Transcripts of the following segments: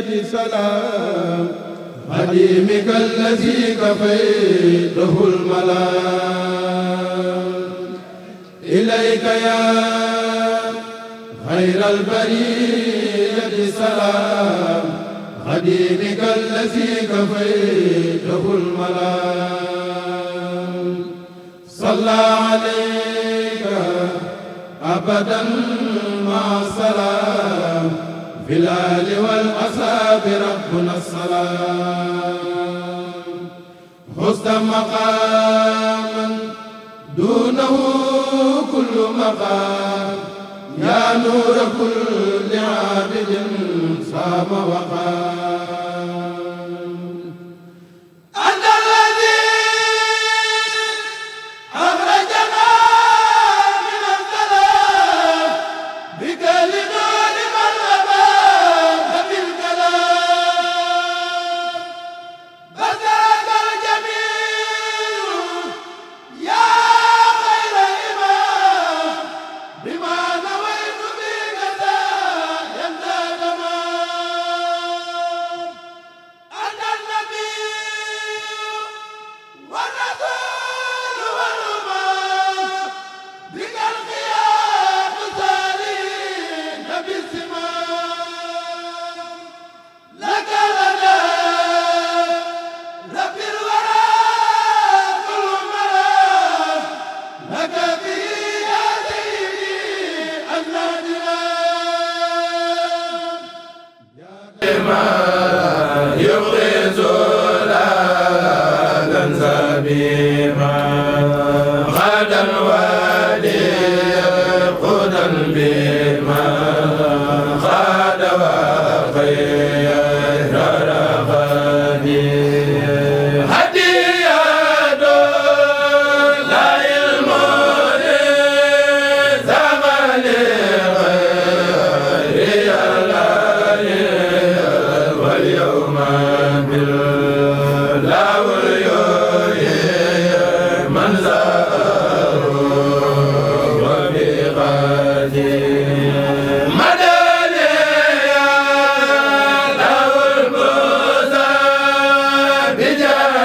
البرية سلام خديمك الذي كفيته الملام إليك يا خير البرية سلام خديمك الذي كفيته الملام صلى عليك أبدا مع السلام بالآل والأصحاب ربنا السلام خذ مقاما دونه كل مقام يا نور كل عابد صام وقام bay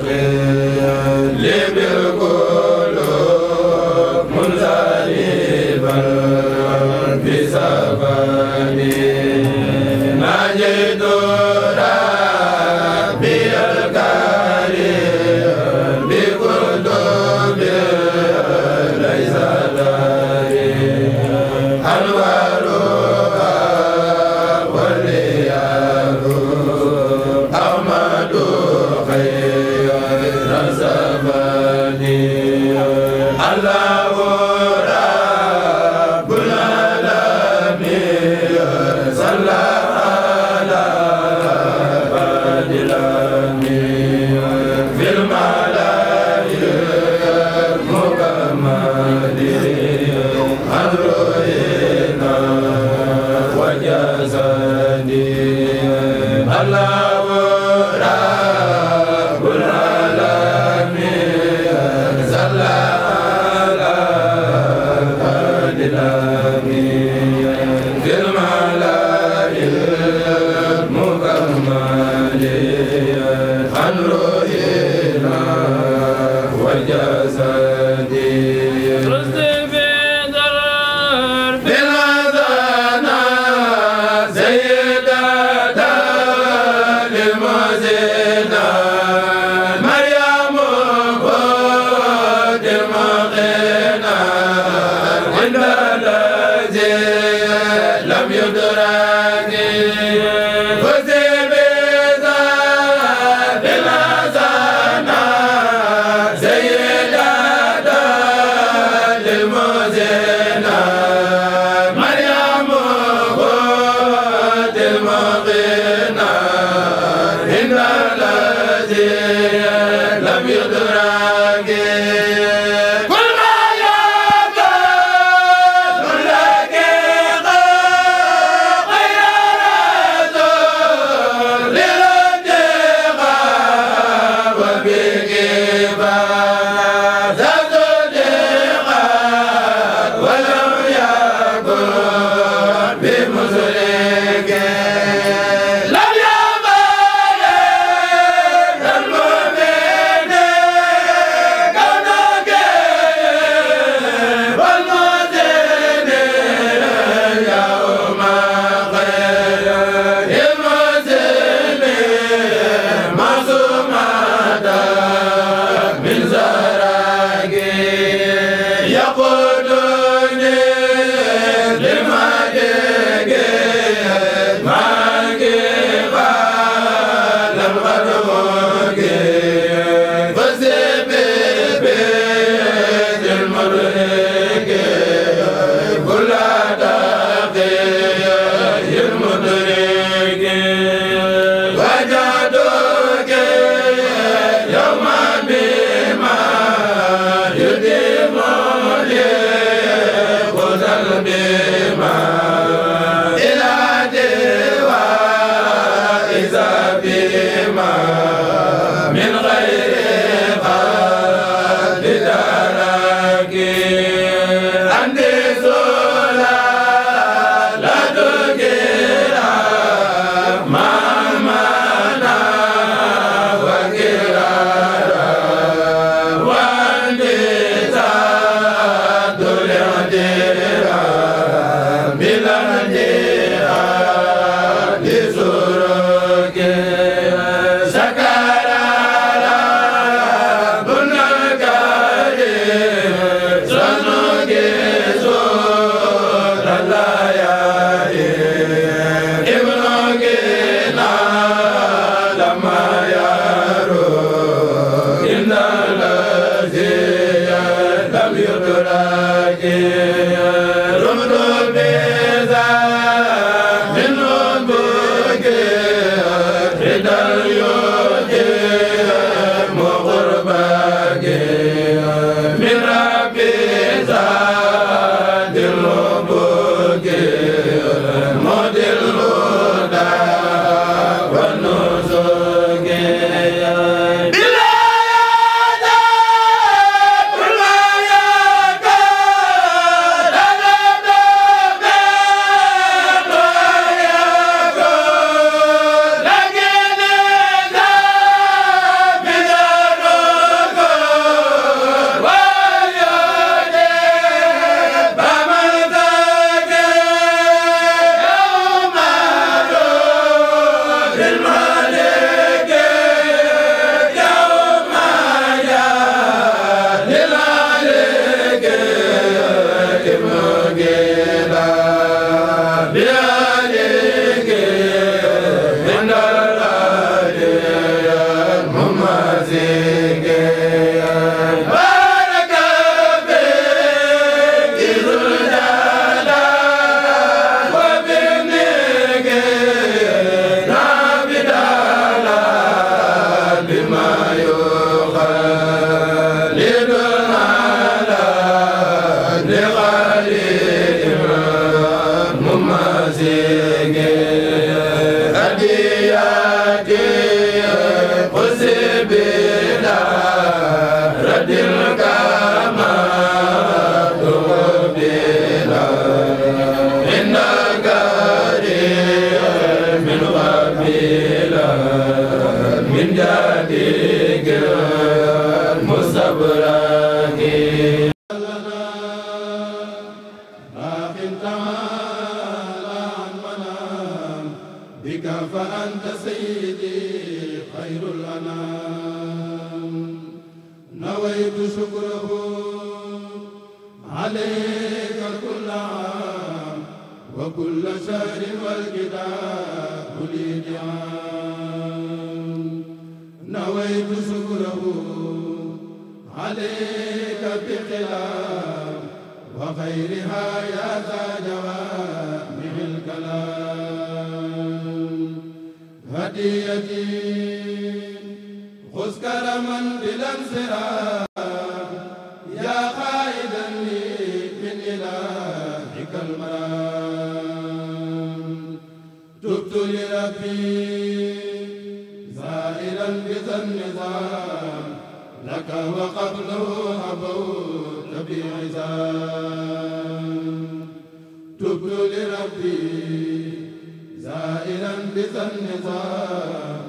غير Allah lam yudra بك فأنت سيدي خير الأنام نويت شكره عليك كل عام وكل شهر والكتاب لي نعام نويت شكره عليك بخلاف وخيرها يا ذا جوامع الكلام هديتي خذ كرما بلا انصراف يا قائدا لي من إلهك المنام تبت لربي زائلا بذا النظام لك وقبله أبوت بعزام تبت لربي سائلا بذا النظام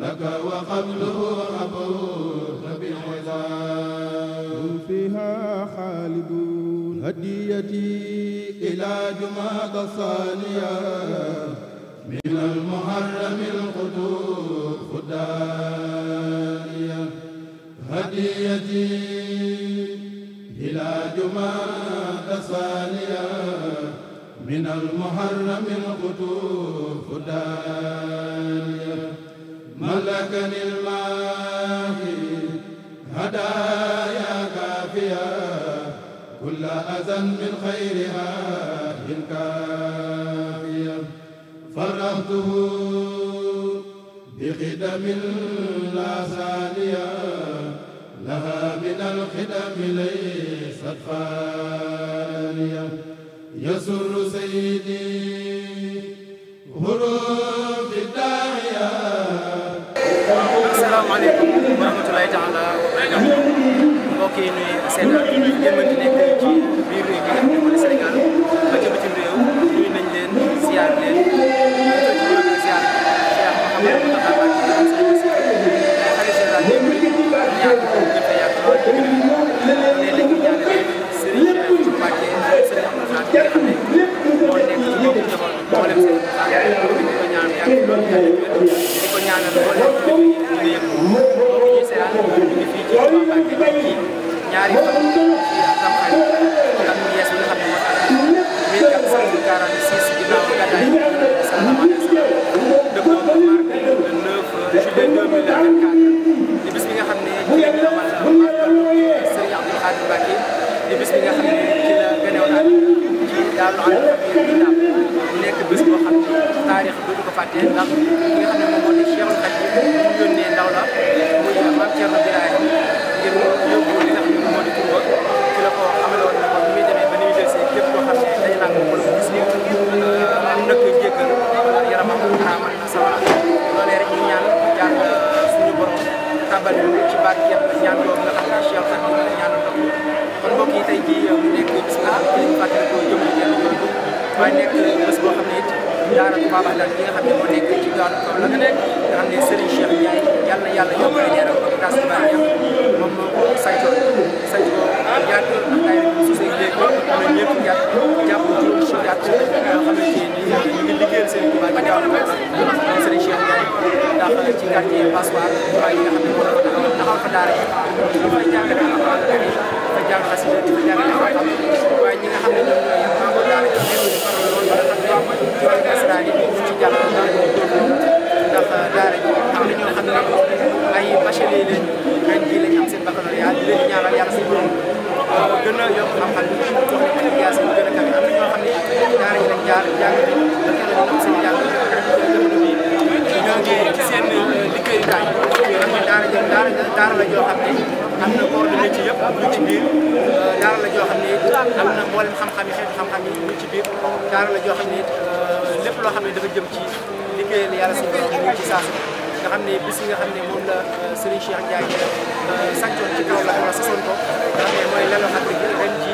لك وقبله عبود بالعظام فيها خالدون هديتي إلى جماد صانية من المحرم القدور خدائية هديتي إلى جماد صانية من المحرم القطوف دانية ملكني الماهي هدايا كافية كل أذى من خيرها إن كافية فرحته بخدم لا ثانية لها من الخدم ليست خالية يسر سيدي غروب الداعية السلام عليكم ورحمة الله تعالى وبركاته mbokk yi nuy seetaan yéen a nekk xam ne nii dañuy yàgg ñu ngi liggéeyal seen i mbaa ci gaaw ndax ci quartier Passoir mbaa yi nga xam ne moo tax taxaw fa daara yi ñu fay jàngale alxuraan yi fa jàng xasida di fa jàngale xam-xam waaye ñi nga xam ne ñoom ñooy maam daara yi nekk ci faral loolu wala xam waa mooy waa ISRA yi ci jàng daara yi ndax daara yi am na ñoo xam ne ay bachelier lañ ren jii lañ am seen baccalauréat di leen ñaanal yàlla si borom gën a yokk xam-xam bi ci wax ne yaas bi gën a kawe am na ñoo xam ne jaar yi nag jaar jàng nañ kenn am seen jàng ñoo ngi seen liggéeyukaay xam ne daara ja daara daara la joo xam ne am na corps de métier yëpp ñu ci biir euh, daara la joo xam ne am na mboolem xam-xam yi xeetu xam-xam yi ñu ci biir daara la joo xam ne euh, lépp loo xam ne dafa jëm ci liggéeyal yàlla suñu borom ñu ci saa nga xam ne bis nga xam ne moom la euh, Serigne Cheikh Ndiaye euh, sàccoon ci la wala sasoon ko nga xam ne mooy lelo xadri gi ren ji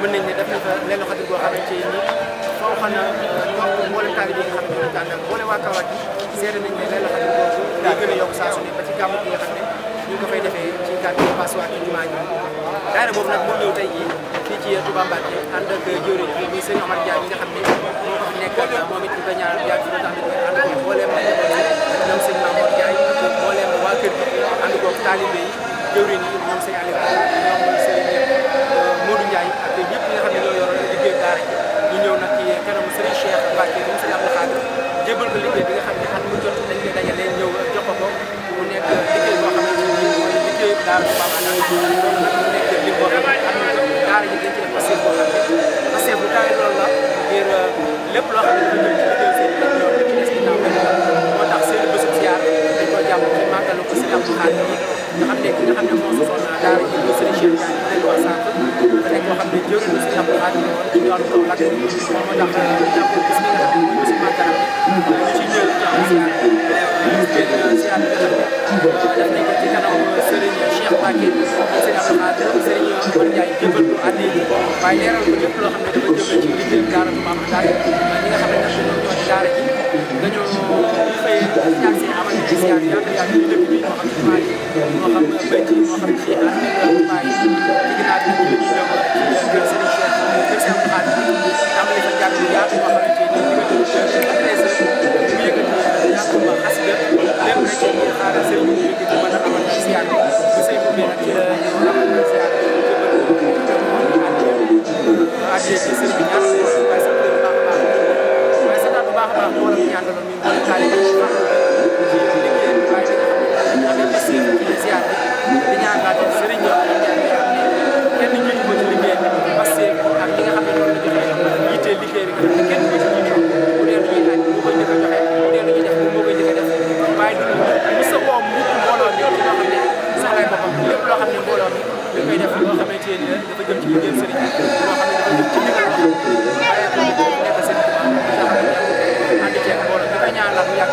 mën nañ ne def na fa lelo xadri boo xamante ni foo xam ne mboolem taalibe yi nga xam ne ñoo tànn mboolem waa Kaolack seere nañ ne gën a yokk saa su ne ba ci gàmm gi nga xam ne ñu ngi ko fay defee ci quartier Passoire ci jumaa ji daayira boobu nag moo ñëw tey jii fii ci Touba Mbacké ànd ak jëwriñ bi muy sëñ Omar Diagne mi nga xam ne moo ko fi nekkal moom it ñu ko ñaanal yàgg ci tax ñu ànd ko mbooleem ñoom sëñ Mamour Diagne ak mbooleem waa kër gi ànd ko taalibe yi jëwriñ yi ñoom sëñ Aliou ñoom sëñ Modou Ndiaye ak ñëpp ñi nga xam ne ñoo yoroon liggéey daara ji ñu ñëw nag ci kanamu sëriñ Cheikh Mbacké bi mu sëñ Abdou Khadre jébal ko liggéey bi nga xam ne at mu jot dañ koy dajale ñëw liggéey boo xam ne ñun mooy liggéey daara bu baax a baax mu nekk li boo xam ne am na daara ji dañ ci def passé boo xam ne passé bu tawee loolu la ngir lépp loo xam ne dañu ci liggéey seen i ñoom ci des ginnaaw bi moo tax seen bésub ziar dañ koy jàmm ci màggalu ko seen abdu xaar yi nga xam ne ki nga xam ne moo sosoon daara ji ñu seen chef daal di leen wax sànq nekk boo xam ne jëriñu seen abdu xaar yi woon ci yoonu kaw lakk moo tax jàpp bis bi nga xam ne waaye leeral ko lépp loo xam ne dafa jëm ci liggéey daara bu am daara ñi nga xam ne nag ñoo ñoo daara ji dañoo fay ñaan seen amal si yaag yàgg yàgg yi dëkk bi moo xam ne maay moo xam ne béy moo xam ne xeex maay ginnaaw bi ñu ñëw kër seen kër kër seen xaat am na fa jàng bu yaatu moo xam ne ak les mu yëkkati yàgg ma xas nga lépp rek ñu xaaral seen ñu yëkkati mën a amal si yaag bu say bu nag amal si yaag bu jëmbal àddee si seen